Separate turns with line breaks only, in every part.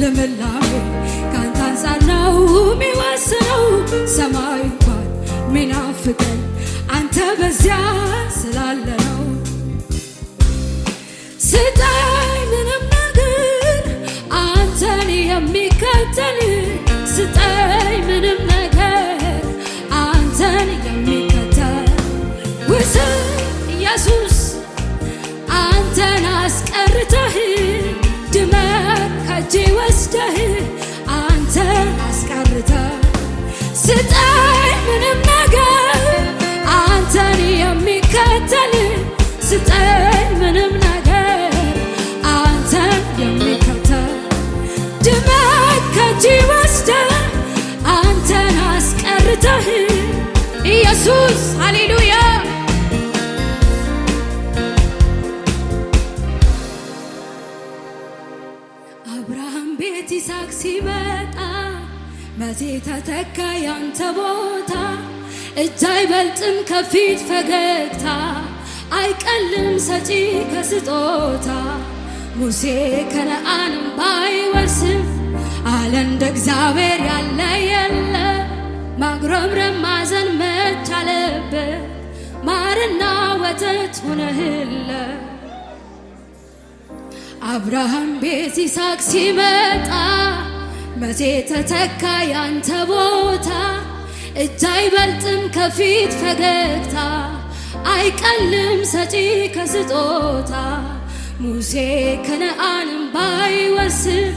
ልምላሜ ካንተ አንጻር ነው የሚወስነው ሰማይ እንኳን ሚናፍቀኝ አንተ በዚያ ድፍረቴ ተተካ ያንተ ቦታ እጅ አይበልጥም ከፊት ፈገግታ አይቀልም ሰጪ ከስጦታ ሙሴ ከነአንም ባይወርስም አለ እንደ እግዚአብሔር ያለ የለ ማጉረምረም ማዘን መች ማርና ወተት ሆነህለ አብርሃም ቤት ይስሐቅ ሲመጣ መቼ ተተካ ያንተ ቦታ? እጅ አይበልጥም ከፊት ፈገግታ፣ አይቀልም ሰጪ ከስጦታ። ሙሴ ከነአንም ባይወርስም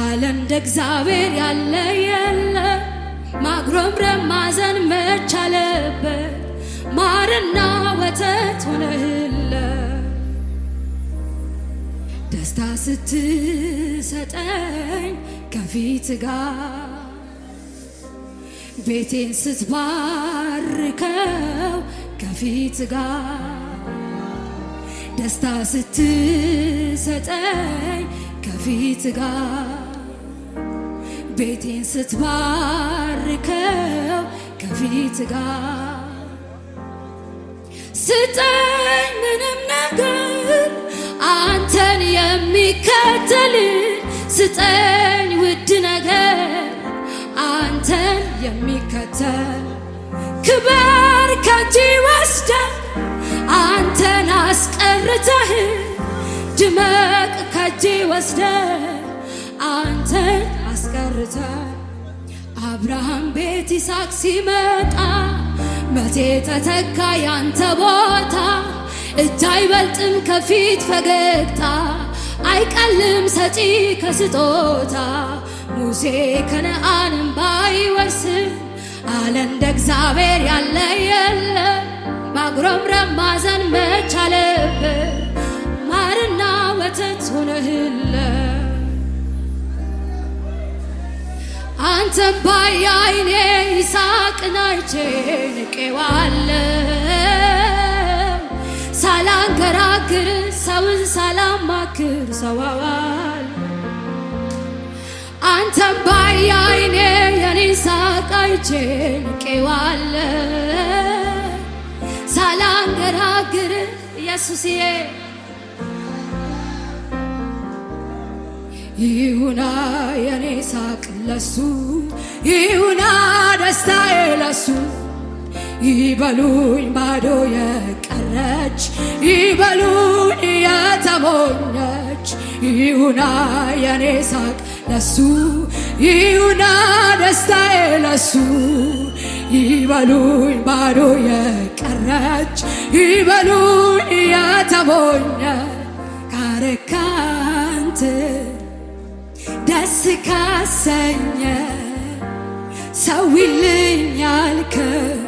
ዓለም እንደ እግዚአብሔር ያለ የለ። ማጉረምረም ማዘን መች አለበት? ማርና ወተት ሆነህለ ደስታ ስትሰጠኝ ከፊት ጋር ቤቴን ስትባርከው ከፊት ጋር ደስታ ስትሰጠኝ ከፊት ጋር ቤቴን ስትባርከው ከፊት ጋር ስጠኝ ምንም ነገር አንተን የሚከተል ስጠኝ አንተን የሚከተል ክብር ከእጅ ወስደ አንተን አስቀርተህ ድመቅ ከእጅ ወስደ አንተን አስቀርተ አብርሃም ቤት ይስሐቅ ሲመጣ መቼ ተተካ ያንተ ቦታ እጅ አይበልጥም ከፊት ፈገግታ አይቀልም ሰጪ ከስጦታ ሙሴ ከነአንን ባይወርስም አለ እንደ እግዚአብሔር ያለ የለም። ማጉረምረም ማዘን መቻለብ ማርና ወተት ሆነህለ አንተን ባየ አይኔ ይስሐቅን አይቼ ንቄዋለሁ ሳላንገራግር ሰውን ሳላማክር ሰዋዋ አንተም ባየ አይኔ የኔን ሳቅ አይቼ ሳላንገራግር ኢየሱስዬ ይሁና የኔ ሳቅ ለሱ ይሁና ደስታዬ ለሱ ይበሉኝ ባዶ የቀረች ይበሉኝ የተሞኘች ይሁና የኔ ሳቅ ለሱ ይሁና ደስታዬ ለሱ ይበሉኝ ባዶ የቀረች ይበሉኝ የተሞኘ ካረካንት ደስ ካሰኘ ሰው ይልኛል ከታሪኬ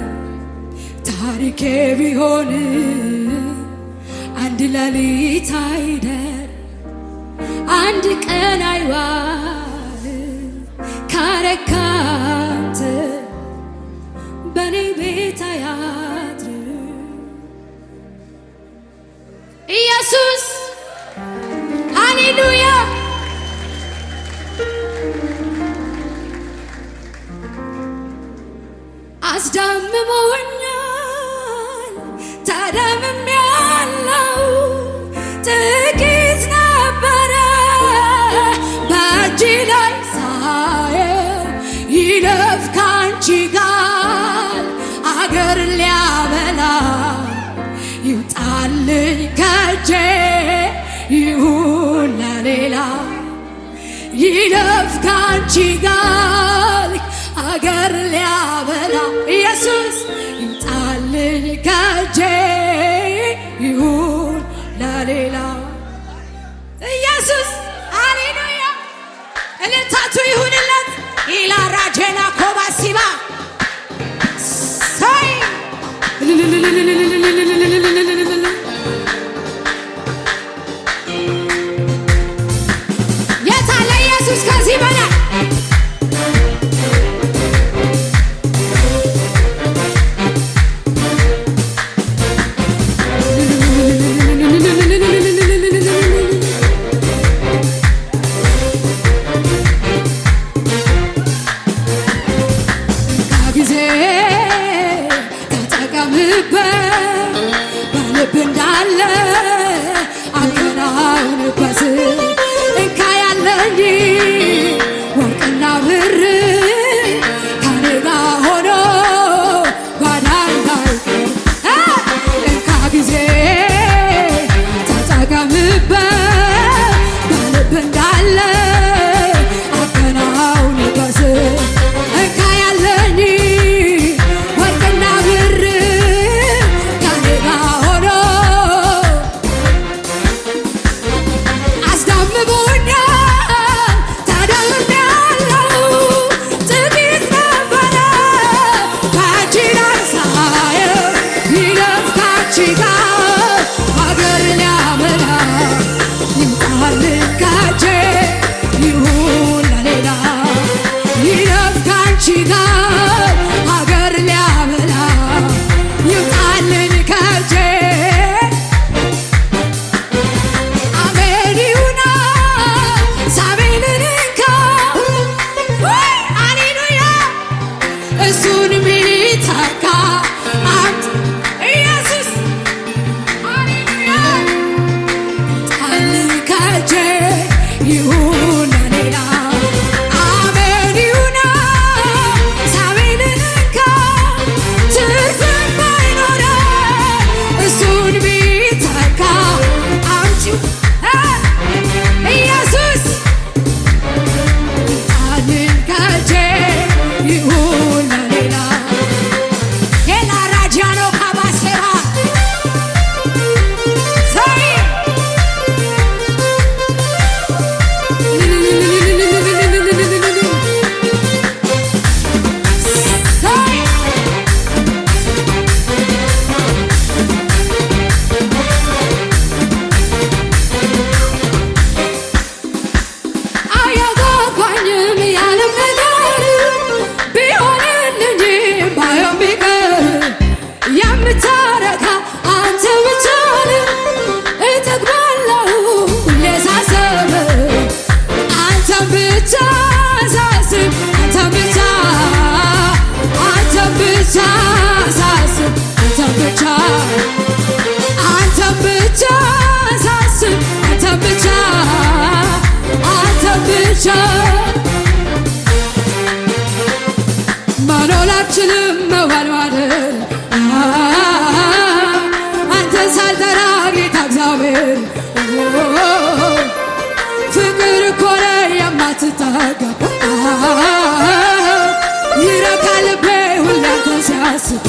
ቢሆን አንድ ለሊት አይደ አንድ ቀን አይዋል ካረካንት በኔ ቤት አያድር ኢየሱስ ሃሌሉያ አስዳምሞኛል ታዳም እጄ ይሁን ለሌላ ይለፍ ካንቺ ጋር አገር ሊያበላ ኢየሱስ ይምጣልኝ ከጄ ይሁን ለሌላ ኢየሱስ አሌሉያ እልታቱ ይሁንለት ኢላራጄና ኮባሲባ ሰይ አንተ ብቻ ሳስብ አንተ ብቻ አንተ ብቻ መኖር አልችልም መዋልዋልን አንተ ሳልጠራ ሲያስብ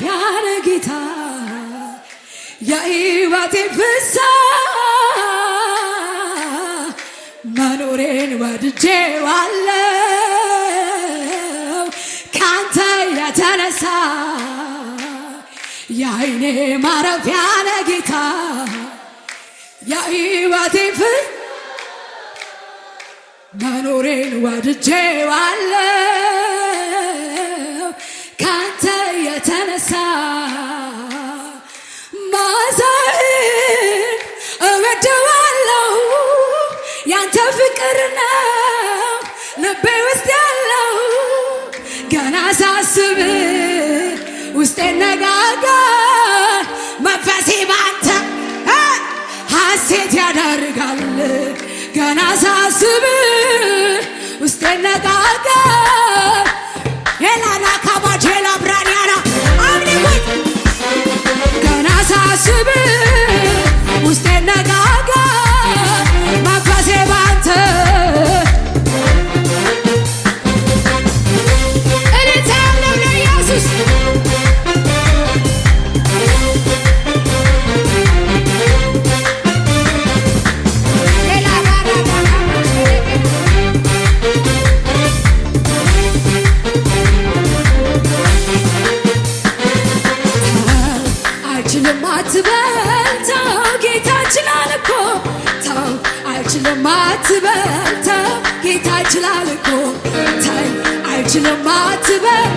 ከፍ ያለ ጌታ የህይወቴ ፍሳህ መኖሬን ወድጄዋለሁ ካንተ የተነሳ የአይኔ ማረፍ ያለ ጌታ የህይወቴ ፍስ መኖሬን ወድጄዋለሁ እወደዋለሁ ያንተ ፍቅር ነው ልቤ ውስጥ ያለው ገና ሳስብ ውስጤ ነጋጋ መንፈሴ ባንተ ሐሴት ያደርጋል ገና ሳስብ ውስጤ ነጋጋ አልችልም አትበል ጌታ ችላል እኮ ተው አልችልም አትበል ተው ጌታ ይችላል እኮ ተይ አልችልም አትበል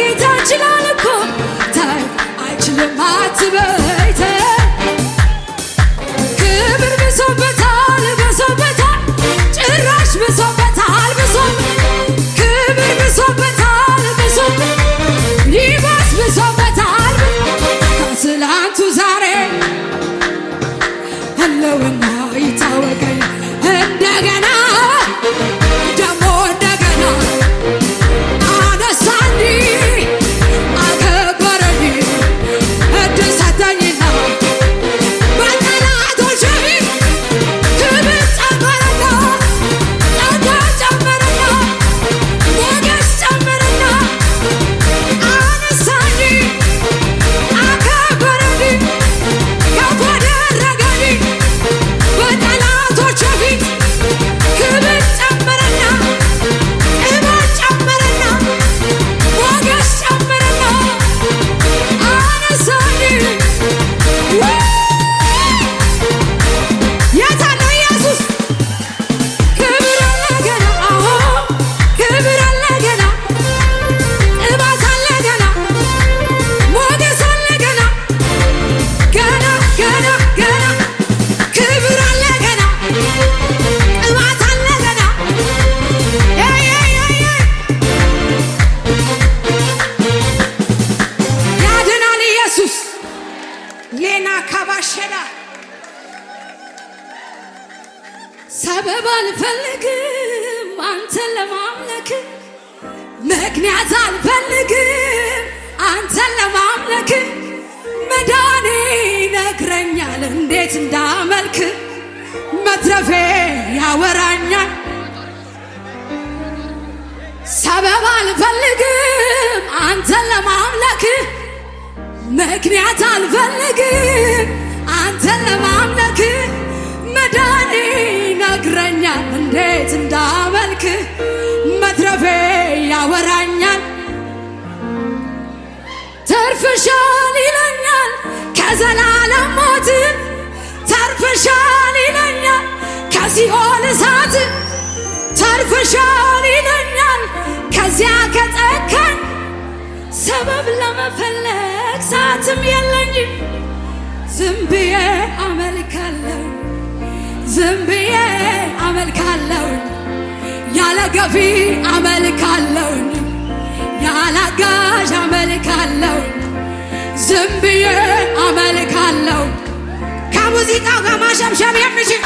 ጌታ ይችላል እኮ ተይ አልችልም አትበል ክብር ብሶበታል ብሶበታል ምክንያት አልፈልግም አንተን ለማምለክ መዳኔ ይነግረኛል እንዴት እንዳመልክ መትረፌ ያወራኛል ሰበብ አልፈልግም አንተን ለማምለክ ምክንያት አልፈልግም አንተን ለማምለክ መዳኔ ይነግረኛል እንዴት እንዳመልክ መትረፌ ያወራኛል ተርፍሻል ይለኛል ከዘላለም ሞት ተርፍሻል ይለኛል ከሲኦል እሳት ተርፍሻል ይለኛል ከዚያ ከጠካኝ ሰበብ ለመፈለግ ሰዓትም ዝም ብዬ አመልካለሁ ዝም ብዬ አመልካለሁ ያለ ገፊ አመልካለሁኝ፣ ያለ አጋዥ አመልካለሁ፣ ዝም ብዬ አመልካለሁ ከሙዚቃው ጋር ማሸብሸብ የሚችል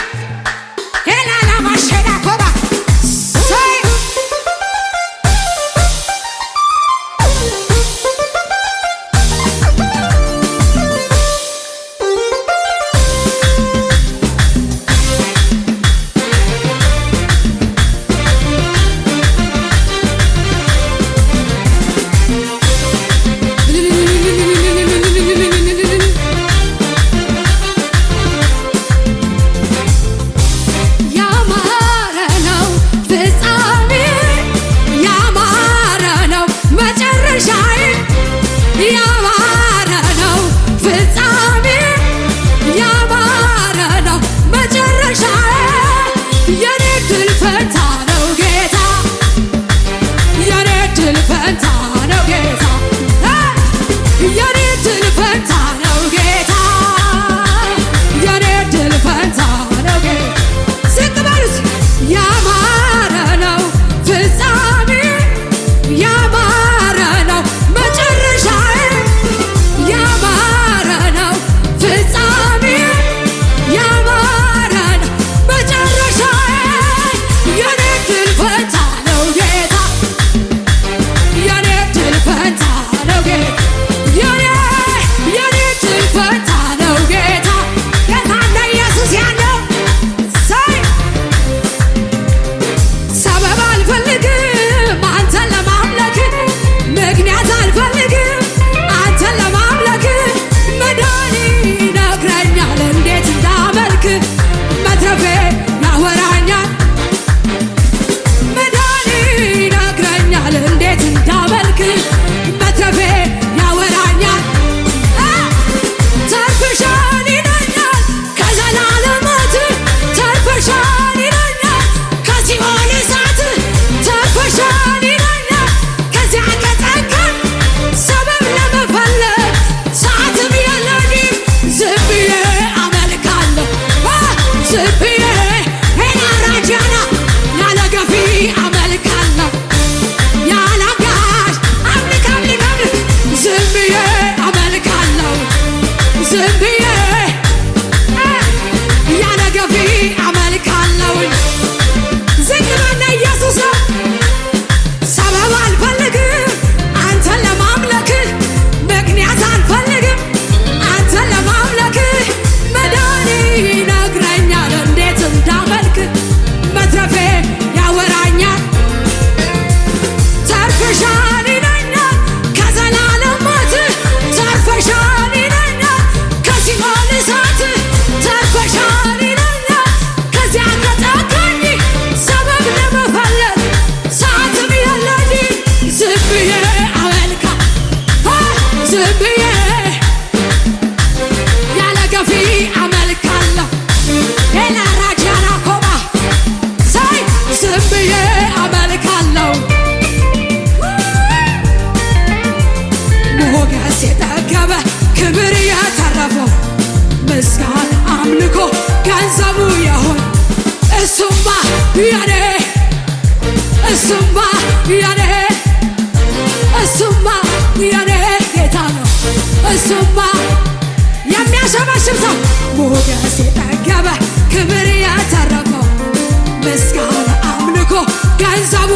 ምስጋና አምልኮ ገንዘቡ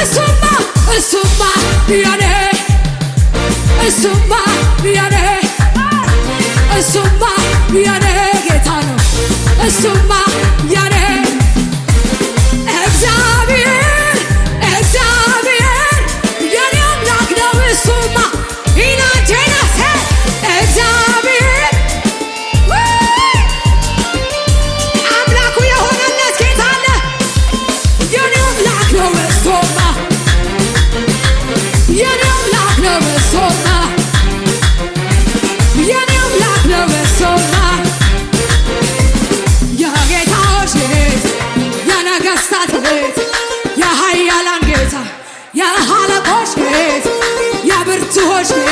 እሱማ እሱማ የኔ እሱማ የኔ እሱማ የኔ ጌታ ነው እሱማ የኔ እግዚአብሔር цього ж.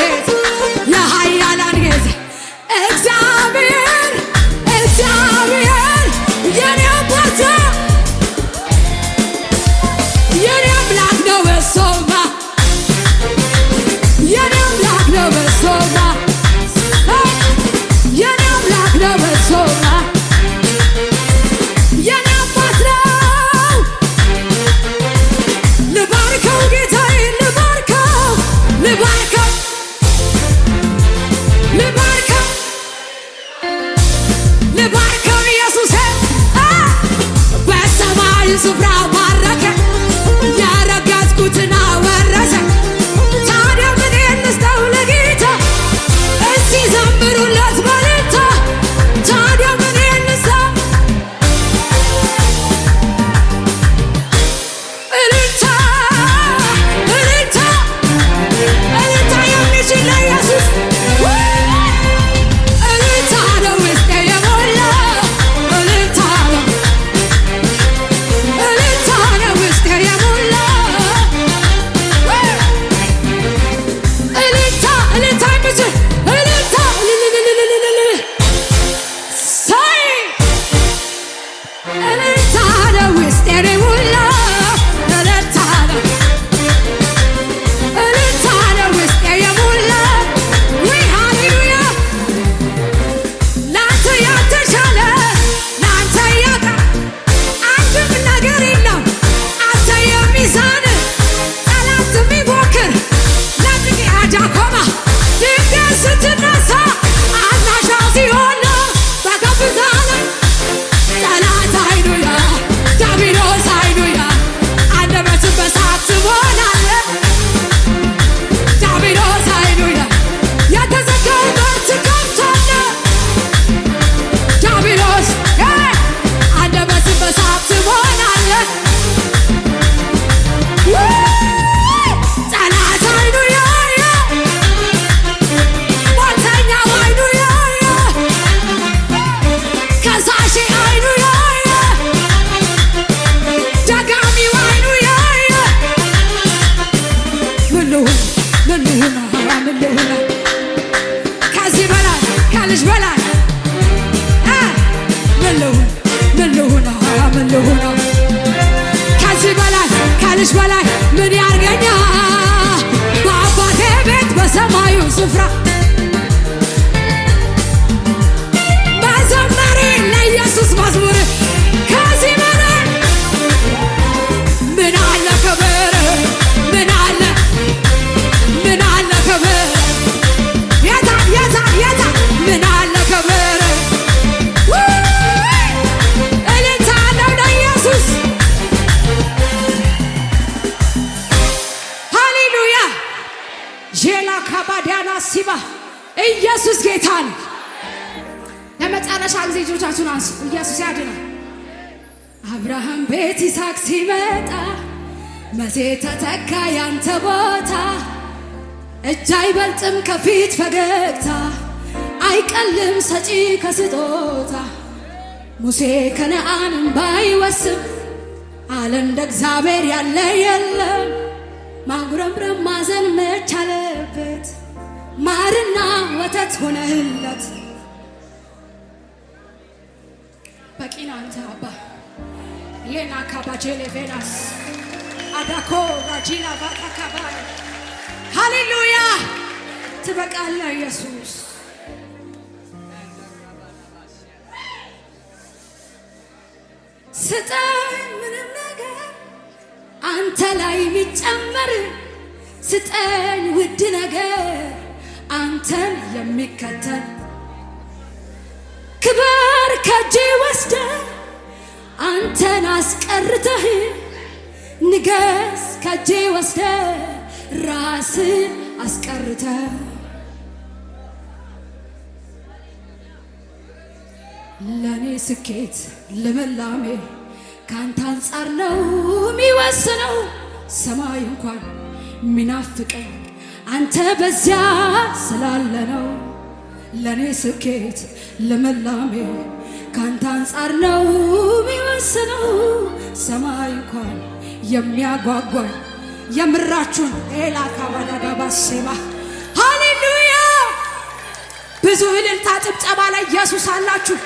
ከዚህ በላይ ከልጅ በላይ ምን ያርገኛ በአባቴ ቤት በሰማዩ ስፍራ እጃችሁን አንሱ። ኢየሱስ ያድናል። አብርሃም ቤት ይስሐቅ ሲመጣ መቼ ተተካ ያንተ ቦታ? እጅ አይበልጥም ከፊት ፈገግታ፣ አይቀልም ሰጪ ከስጦታ። ሙሴ ከነአንም ባይወስም አለ እንደ እግዚአብሔር ያለ የለም። ማጉረምረም ማዘን መቻለበት ማርና ወተት ሆነህለት በቂና አንተ አባ ሌና ካባጄሌ ቬናስ አዳኮ ራጂላ ባታካባ ሃሌሉያ ትበቃለ ኢየሱስ ስጠን ምንም ነገር አንተ ላይ የሚጨመር ስጠን ውድ ነገር አንተን የሚከተል ከእጄ ወስደ አንተን አስቀርተህ ንገስ ከእጄ ወስደ ራስ አስቀርተ ለእኔ ስኬት ልምላሜ ከአንተ አንጻር ነው የሚወስነው። ሰማይ እንኳን ሚናፍቀኝ አንተ በዚያ ስላለ ነው። ለእኔ ስኬት ልምላሜ ካንተ አንጻር ነው የሚወስነው ሰማይ እንኳን የሚያጓጓኝ የምራችሁን ሌላ ካባዳጋባሴባ ሃሌሉያ ብዙ እልልታ ጭብጨባ ላይ ኢየሱስ አላችሁ